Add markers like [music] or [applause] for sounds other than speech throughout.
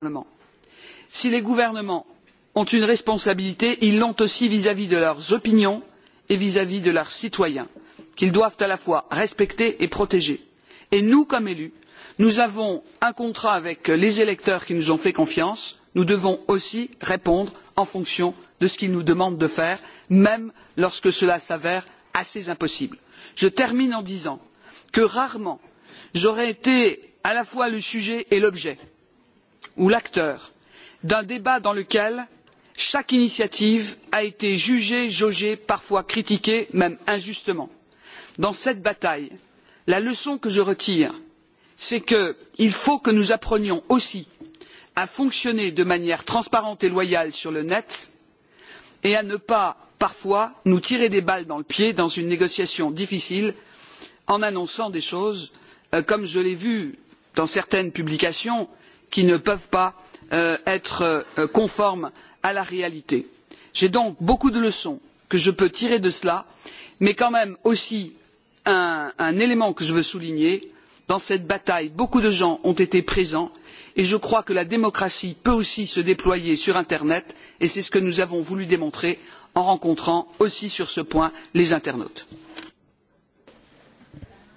gouvernements. Si les gouvernements ont une responsabilité, ils l'ont aussi vis à vis de leurs opinions et vis à vis de leurs citoyens, qu'ils doivent à la fois respecter et protéger. Et nous, comme élus, nous avons un contrat avec les électeurs qui nous ont fait confiance, nous devons aussi répondre en fonction de ce qu'ils nous demandent de faire, même lorsque cela s'avère assez impossible. Je termine en disant que rarement j'aurais été à la fois le sujet et l'objet ou l'acteur d'un débat dans lequel chaque initiative a été jugée, jaugée, parfois critiquée, même injustement. Dans cette bataille, la leçon que je retire, c'est qu'il faut que nous apprenions aussi à fonctionner de manière transparente et loyale sur le net et à ne pas parfois nous tirer des balles dans le pied dans une négociation difficile en annonçant des choses euh, comme je l'ai vu dans certaines publications qui ne peuvent pas euh, être euh, conformes à la réalité. J'ai donc beaucoup de leçons que je peux tirer de cela, mais quand même aussi un, un élément que je veux souligner dans cette bataille, beaucoup de gens ont été présents et je crois que la démocratie peut aussi se déployer sur Internet et c'est ce que nous avons voulu démontrer en rencontrant aussi sur ce point les internautes.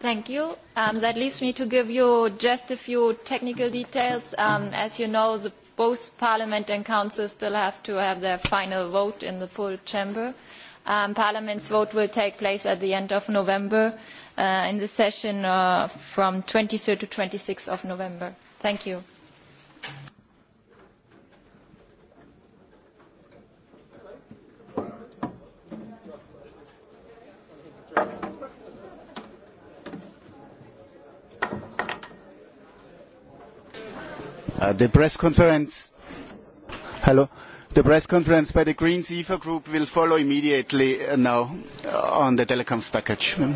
Thank you. Um, that leaves me to give you just a few technical details. Um, as you know, the, both Parliament and Council still have to have their final vote in the full chamber. Um, Parliament's vote will take place at the end of November uh, in the session uh, from 23rd to 26th of November. Thank you. Uh, the press conference. Hello. The press conference by the Greens EFA Group will follow immediately uh, now uh, on the telecoms package. Mm.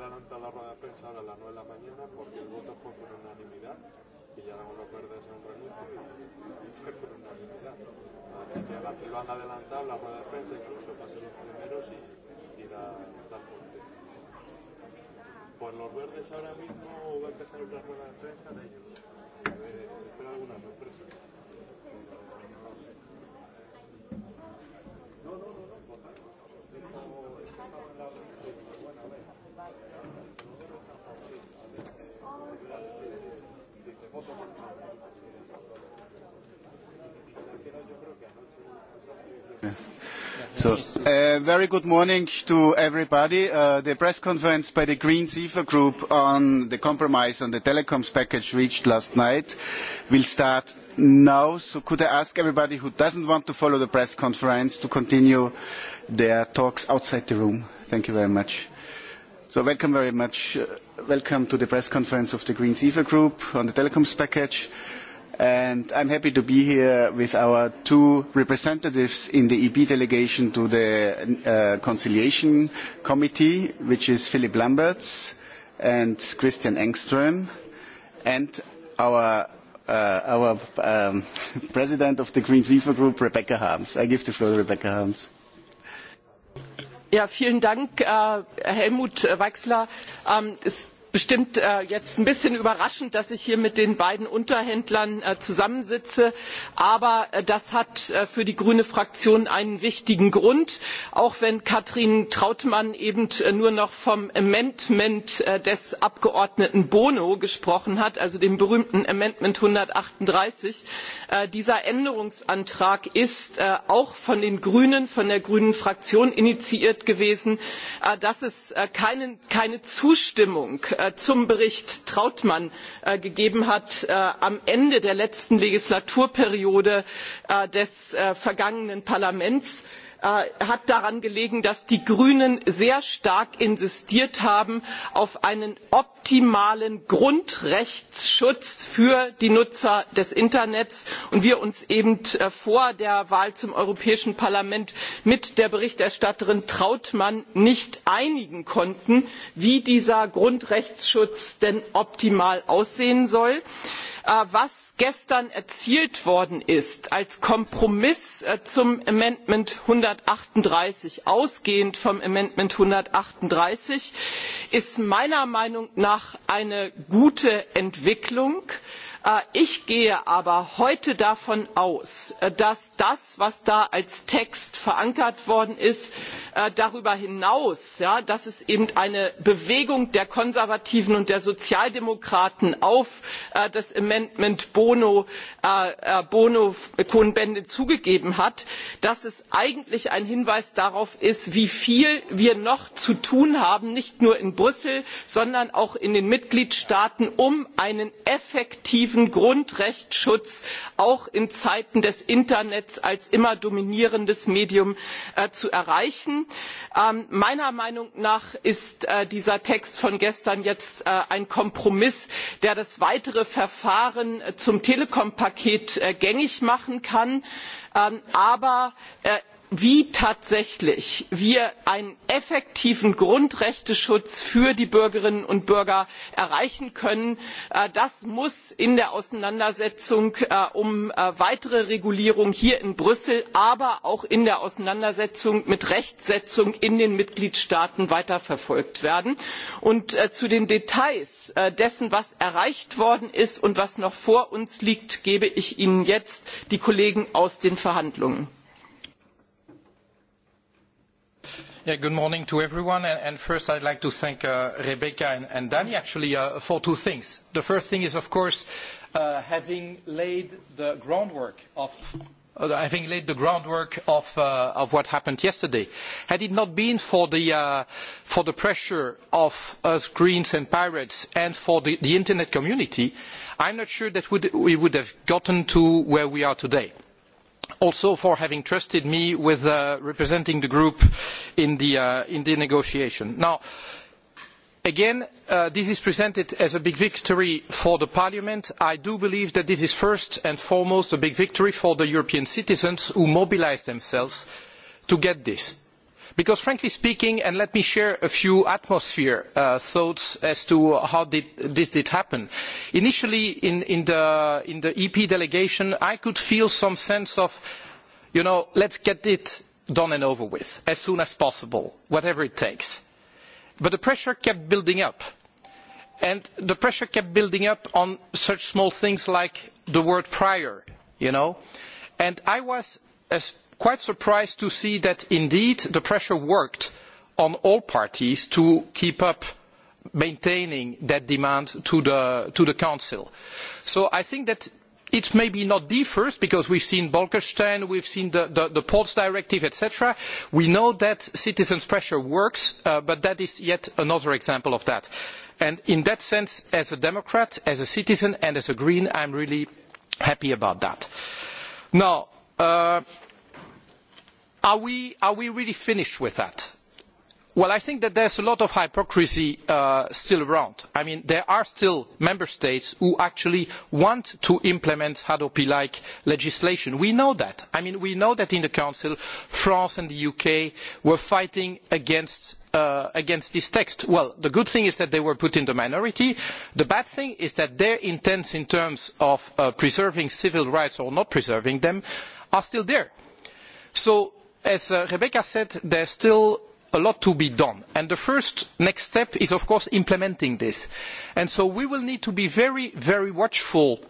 la adelanta la rueda de prensa ahora a las 9 de la mañana porque el voto fue por unanimidad y ya no lo verdes en un renuncio y fue por unanimidad. Así que la, lo han adelantado la rueda de prensa incluso para ser los primeros y, y da, da fuerte. Pues los verdes ahora mismo va a empezar otra rueda de prensa de ellos. Eh, se espera alguna sorpresa. No, no, no, no, no. Es como, es como la... Bueno, a ver. So, uh, very good morning to everybody. Uh, the press conference by the Green CIFA Group on the compromise on the telecoms package reached last night will start now. So could I ask everybody who doesn't want to follow the press conference to continue their talks outside the room? Thank you very much. So welcome very much. Uh, welcome to the press conference of the Green EVA Group on the telecoms package. And I'm happy to be here with our two representatives in the EB delegation to the uh, Conciliation Committee, which is Philip Lamberts and Christian Engström, and our, uh, um, [laughs] president of the Green EVA Group, Rebecca Harms. I give the floor to Rebecca Harms. Ja, vielen Dank, äh, Helmut Weixler. Ähm, es bestimmt äh, jetzt ein bisschen überraschend, dass ich hier mit den beiden Unterhändlern äh, zusammensitze. Aber äh, das hat äh, für die grüne Fraktion einen wichtigen Grund. Auch wenn Katrin Trautmann eben äh, nur noch vom Amendment äh, des Abgeordneten Bono gesprochen hat, also dem berühmten Amendment 138. Dieser Änderungsantrag ist auch von den Grünen, von der Grünen Fraktion initiiert gewesen, dass es keine Zustimmung Äh, zum Bericht Trautmann äh, gegeben hat, äh, am Ende der letzten Legislaturperiode des vergangenen Parlaments Äh, hat daran gelegen dass die grünen sehr stark insistiert haben auf einen optimalen grundrechtsschutz für die nutzer des internets und wir uns eben äh, vor der wahl zum europäischen parlament mit der berichterstatterin trautmann nicht einigen konnten wie dieser grundrechtsschutz denn optimal aussehen soll. Äh, was gestern erzielt worden ist als kompromiss äh, zum änderungsantrag einhundertachtunddreißig ausgehend vom änderungsantrag einhundertachtunddreißig ist meiner meinung nach eine gute entwicklung. Äh, ich gehe aber heute davon aus, äh, dass das, was da als Text verankert worden ist, äh, darüber hinaus, ja, dass es eben eine Bewegung der Konservativen und der Sozialdemokraten auf das Amendment Bono, Bono Cohn-Bendit zugegeben hat, dass es eigentlich ein Hinweis darauf ist, wie viel wir noch zu tun haben, nicht nur in Brüssel, sondern auch in den Mitgliedstaaten, um einen effektiven effektiven grundrechtsschutz auch in zeiten des internets als immer dominierendes medium äh, zu erreichen. Ähm, meiner meinung nach ist äh, dieser text von gestern jetzt äh, ein kompromiss der das weitere verfahren zum telekom paket gängig machen kann ähm, aber wie tatsächlich wir einen effektiven grundrechteschutz für die bürgerinnen und bürger erreichen können äh, das muss in der auseinandersetzung äh, um äh, weitere regulierung hier in brüssel aber auch in der auseinandersetzung mit rechtsetzung in den mitgliedstaaten weiterverfolgt werden. Und zu den details dessen was erreicht worden ist und was noch vor uns liegt gebe ich ihnen jetzt die kollegen aus den verhandlungen. Yeah, good morning to everyone. And, and first, I'd like to thank uh, Rebecca and, and Danny actually uh, for two things. The first thing is, of course, uh, having laid the groundwork of uh, having laid the groundwork of, uh, of what happened yesterday. Had it not been for the, uh, for the pressure of us Greens and Pirates and for the, the Internet community, I'm not sure that we would have gotten to where we are today also for having trusted me with uh, representing the group in the, uh, in the negotiation. Now, again, uh, this is presented as a big victory for Parliament. I do believe that this is first and foremost a big victory for the European citizens who mobilised themselves to get this. Because frankly speaking, and let me share a few atmosphere uh, thoughts as to how did, this did happen. Initially in, in, the, in the EP delegation, I could feel some sense of, you know, let's get it done and over with as soon as possible, whatever it takes. But the pressure kept building up. And the pressure kept building up on such small things like the word prior, you know. And I was, as quite surprised to see that indeed the pressure worked on all parties to keep up maintaining that demand to the, to the Council. So I think that it's maybe not the first because we've seen Bolkestein, we've seen the, the, the Ports Directive, etc. We know that citizens' pressure works, uh, but that is yet another example of that. And in that sense, as a Democrat, as a citizen, and as a Green, I am really happy about that. Now, uh, Are we, are we really finished with that? Well, I think that there is a lot of hypocrisy uh, still around. I mean, there are still member states who actually want to implement Hadopi-like legislation. We know that. I mean, we know that in the Council, France and the UK were fighting against, uh, against this text. Well, the good thing is that they were put in the minority. The bad thing is that their intents in terms of uh, preserving civil rights or not preserving them are still there. So as uh, Rebecca said, there is still a lot to be done. And the first next step is, of course, implementing this. And so we will need to be very, very watchful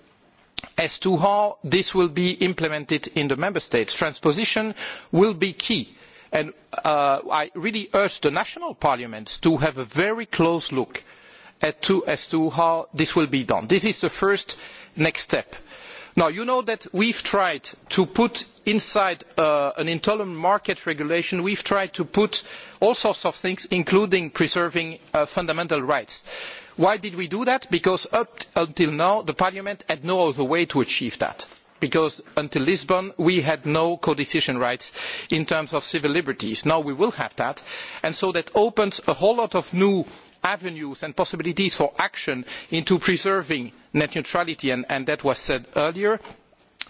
as to how this will be implemented in the member states. Transposition will be key. And uh, I really urge the national parliaments to have a very close look to, as to how this will be done. This is the first next step. Uh, Now, you know that we have tried to put inside uh, an intolerant market regulation, we have tried to put all sorts of things, including preserving uh, fundamental rights. Why did we do that? Because up until now, Parliament had no other way to achieve that. Because until Lisbon, we had no codecision rights in terms of civil liberties. Now we will have that. And so that opens a whole lot of new avenues and possibilities for action into preserving net neutrality, and, and that was said earlier.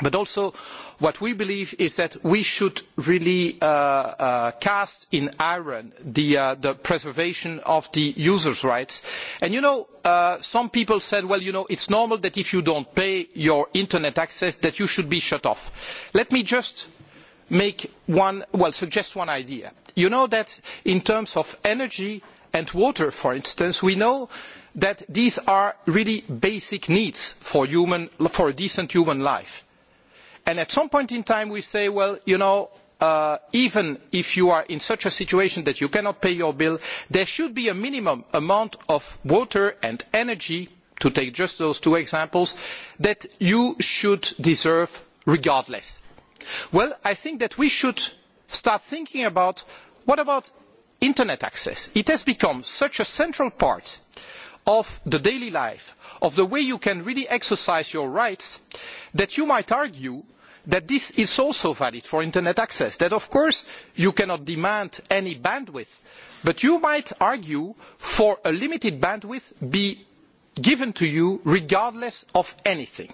But also, what we believe is that we should really uh, uh, cast in iron the, uh, the, preservation of the users' rights. And you know, uh, some people said, well, you know, it's normal that if you don't pay your internet access, that you should be shut off. Let me just make one, well, suggest one idea. You know that in terms of energy, and water, for instance, we know that these are really basic needs for, human, for a decent human life. And at some point in time, we say, well, you know, uh, even if you are in such a situation that you cannot pay your bill, there should be a minimum amount of water and energy, to take just those two examples, that you should deserve regardless. Well, I think that we should start thinking about what about internet access. It has become such a central part of the daily life, of the way you can really exercise your rights, that you might argue that this is also valid for internet access. That of course you cannot demand any bandwidth, but you might argue for a limited bandwidth be given to you regardless of anything.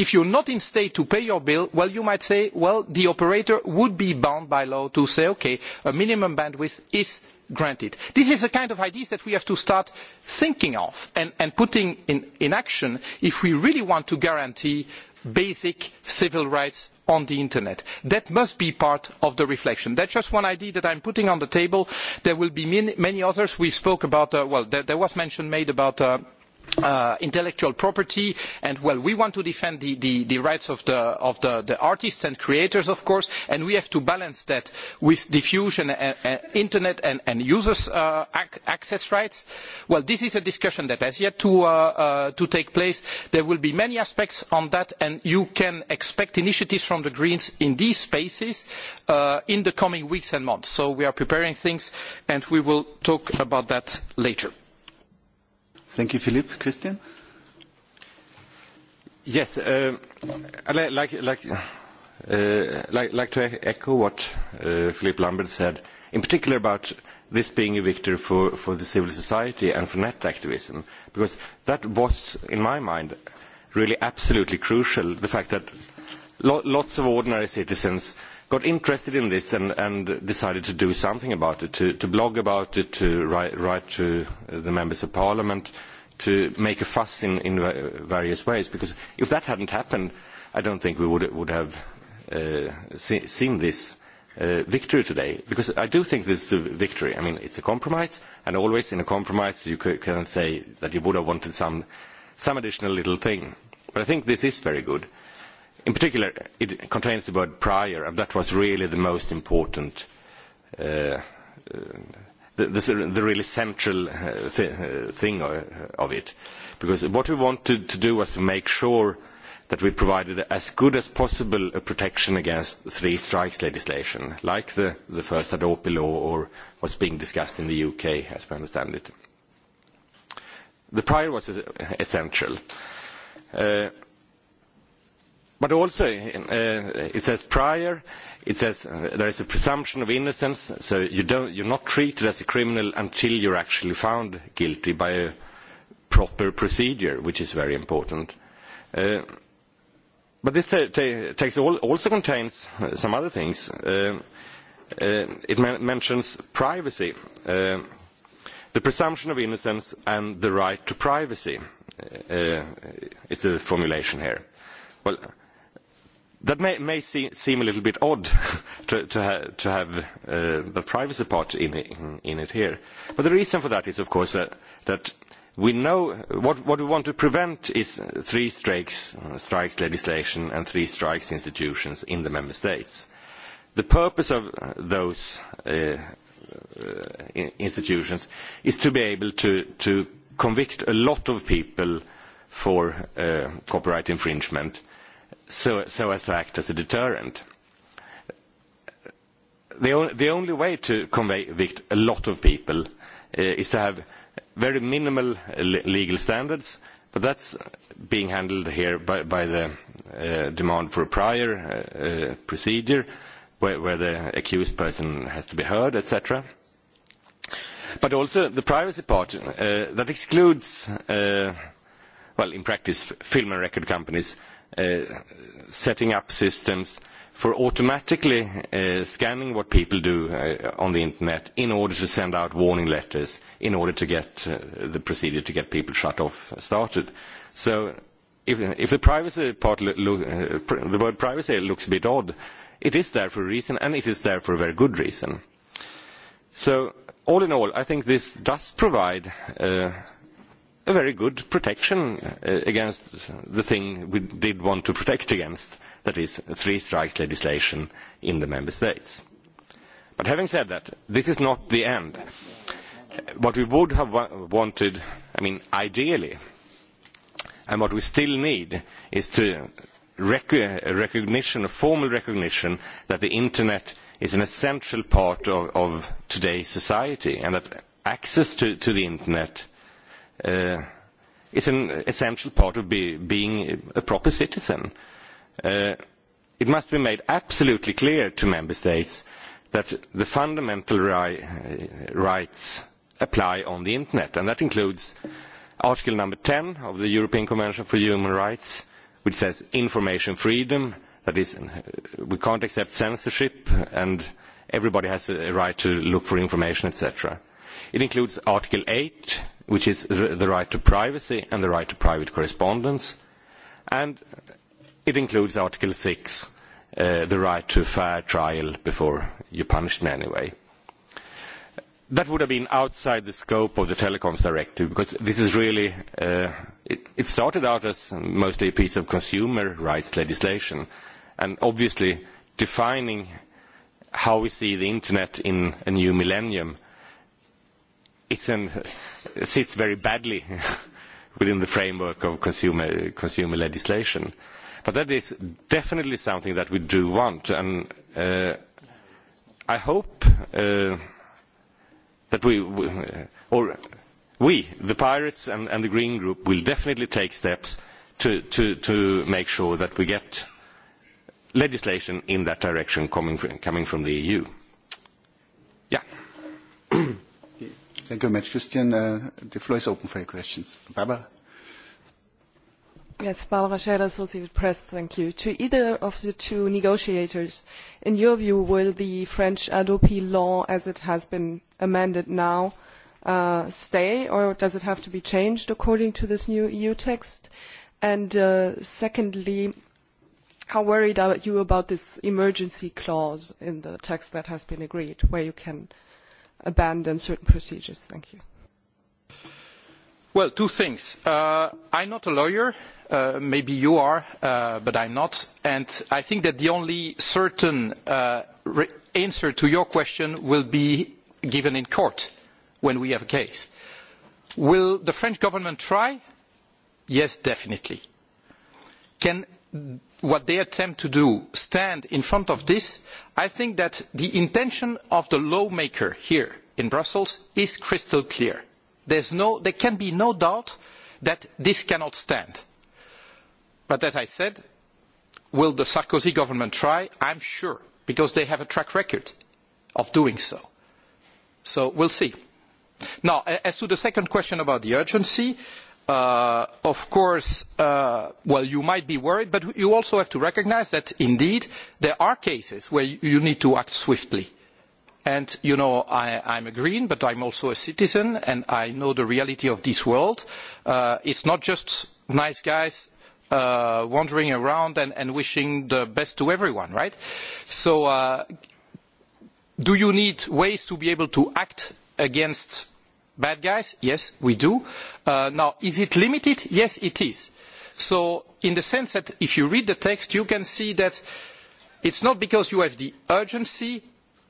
If you are not in state to pay your bill, well, you might say, well, the operator would be bound by law to say, okay, a minimum bandwidth is granted. This is the kind of ideas that we have to start thinking of and, and putting in, in, action if we really want to guarantee basic civil rights on the internet. That must be part of the reflection. That is just one idea that I am putting on the table. There will be many, many others. We spoke about, uh, well, there, there, was mention made about uh, Uh, intellectual property and well we want to defend the, the, the rights of, the, of the, the artists and creators of course and we have to balance that with diffusion and, and internet and, and users uh, ac access rights well this is a discussion that has yet to, uh, uh, to, take place there will be many aspects on that and you can expect initiatives from the greens in these spaces uh, in the coming weeks and months so we are preparing things and we will talk about that later Thank you, Philip. Christian? Yes, uh, I'd like, like, uh, like, like to echo what uh, Philip Lambert said, in particular about this being a victory for, for the civil society and for net activism, because that was, in my mind, really absolutely crucial, the fact that lo lots of ordinary citizens got interested in this and, and decided to do something about it, to, to blog about it, to write, write to the members of parliament, uh, to make a fuss in, in various ways, because if that hadn't happened, I don't think we would, would have uh, see, seen this uh, victory today, because I do think this is a victory. I mean, it's a compromise, and always in a compromise you can say that you would have wanted some, some additional little thing. But I think this is very good. In particular, it contains the word prior, and that was really the most important uh, uh, the, the, the really central uh, th uh, thing uh, of it. Because what we wanted to do was to make sure that we provided as good as possible a protection against three strikes legislation, like the, the first Adopi law or what's being discussed in the UK, as we understand it. The prior was essential. Uh, But also, uh, it says prior, it says uh, there is a presumption of innocence, so you don't, you're not treated as a criminal until you're actually found guilty by a proper procedure, which is very important. Uh, but this text also contains uh, some other things. Uh, uh, it men mentions privacy, uh, the presumption of innocence and the right to privacy uh, is the formulation here. Well, That may, may see, seem a little bit odd [laughs] to, to, ha to have uh, the privacy part in, in, in it here. But the reason for that is, of course, that, that we know what, what we want to prevent is three strikes, uh, strikes legislation and three strikes institutions in the member states. The purpose of uh, those uh, uh institutions is to be able to, to convict a lot of people for uh, copyright infringement so, so as to act as a deterrent. The, on, the only way to convict a lot of people uh, is to have very minimal eh, legal standards, but that's being handled here by, by the uh, demand for a prior uh, procedure where, where the accused person has to be heard, etc. But also the privacy part, uh, that excludes, uh, well, in practice, film and record companies Uh, setting up systems for automatically uh, scanning what people do uh, on the internet in order to send out warning letters, in order to get uh, the procedure to get people shut off uh, started. So if, if the, privacy part lo lo uh, the word privacy looks a bit odd, it is there for a reason and it is there for a very good reason. So all in all, I think this does provide uh, a very good protection uh, against the thing we did want to protect against, that is, three strikes legislation in the member states. But having said that, this is not the end. Uh, what we would have wa wanted, I mean, ideally, and what we still need is to rec recognition, a formal recognition that the internet is an essential part of, of today's society and that access to, to the internet uh, is an essential part of be, being a proper citizen. Uh, it must be made absolutely clear to member states that the fundamental ri rights apply on the internet, and that includes article number 10 of the European Convention for Human Rights, which says information freedom, that is, uh, we can't accept censorship, and everybody has a right to look for information, etc. It includes Article eight, which is the right to privacy and the right to private correspondence, and it includes Article six, uh, the right to fair trial before you are punished in any way. That would have been outside the scope of the Telecoms Directive because this is really, uh, it, it started out as mostly a piece of consumer rights legislation and obviously defining how we see the internet in a new millennium It sits very badly [laughs] within the framework of consumer, consumer legislation. But that is definitely something that we do want, and uh, I hope uh, that we, uh, or we, the Pirates and, and the Green Group, will definitely take steps to, to, to make sure that we get legislation in that direction coming from, coming from the EU. Yeah. Thank you very much, Christian. Uh, the floor is open for your questions. Barbara? Yes, Barbara Scherer, Associated Press, thank you. To either of the two negotiators, in your view, will the French Adopi law as it has been amended now uh, stay or does it have to be changed according to this new EU text? And uh, secondly, how worried are you about this emergency clause in the text that has been agreed where you can uh, abandon certain procedures? Thank you. Well, two things. Uh, I'm not a lawyer. Uh, maybe you are, uh, but I'm not. And I think that the only certain uh, answer to your question will be given in court when we have a case. Will the French government try? Yes, definitely. Can what they attempt to do stand in front of this, I think that the intention of the lawmaker here in Brussels is crystal clear. No, there can be no doubt that this cannot stand. But as I said, will the Sarkozy government try? I am sure, because they have a track record of doing so. So we will see. Now, as to the second question about the urgency, uh, Uh, of course, uh, well, you might be worried, but you also have to recognise that indeed there are cases where you need to act swiftly. And, you know, I, am a green, but I am also a citizen, and I know the reality of this world. Uh, it's not just nice guys uh, wandering around and, and, wishing the best to everyone, right? So, uh, do you need ways to be able to act against Bad guys? Yes, we do. Uh, now, is it limited? Yes, it is. So, in the sense that if you read the text, you can see that it's not because you have the urgency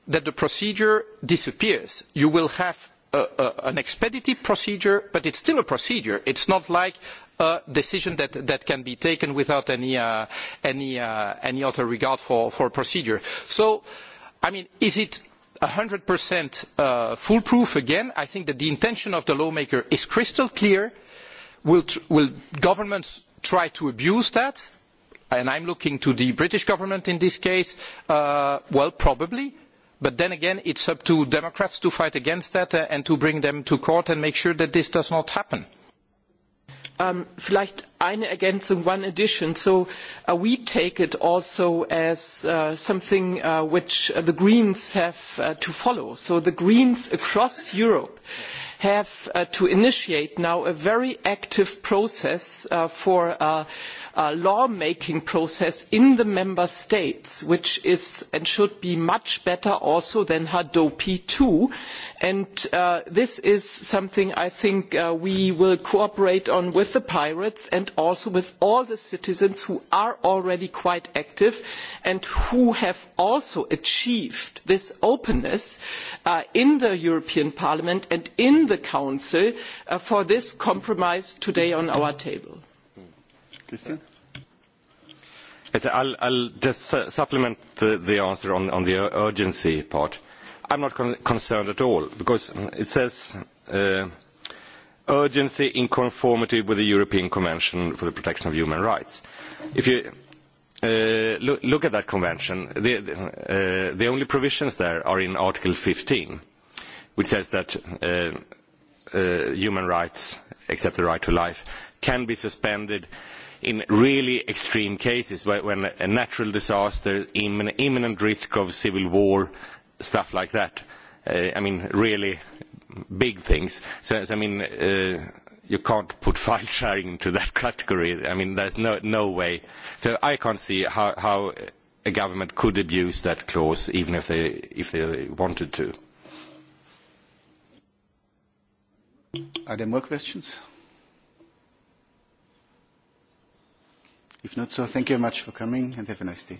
that the procedure disappears. You will have a, a, an expeditive procedure, but it's still a procedure. It's not like a decision that, that can be taken without any, uh, any, uh, any other regard for, for procedure. So, I mean, is it hundred uh, foolproof again. I think that the intention of the lawmaker is crystal clear. Will, will governments try to abuse that? And I am looking to the British government in this case. Uh, well, probably. But then again, it is up to Democrats to fight against that uh, and to bring them to court and make sure that this does not happen. Um, vielleicht eine Ergänzung, one addition. So uh, we take it also as uh, something uh, which uh, the Greens have uh, to follow. So the Greens across Europe have uh, to initiate now a very active process for uh, law making process in the member states, which is and should be much better also than Hadopi II. And uh, this is something I think uh, we will cooperate on with the pirates and also with all the citizens who are already quite active and who have also achieved this openness uh, in the European Parliament and in the Council uh, for this compromise today on our table. Christian? Yes, I'll, I'll just su supplement the, the answer on, on the urgency part. I'm not con concerned at all because it says uh, urgency in conformity with the European Convention for the Protection of Human Rights. If you uh, look, look at that convention, the, uh, the only provisions there are in Article 15, which says that uh, uh, human rights, except the right to life, can be suspended in really extreme cases when a natural disaster, imminent risk of civil war, stuff like that. Uh, I mean, really big things. So, so I mean, uh, you can't put [laughs] file sharing into that category. I mean, there's no, no way. So I can't see how, how a government could abuse that clause, even if they, if they wanted to. Are there more questions? If not, so thank you very much for coming and have a nice day.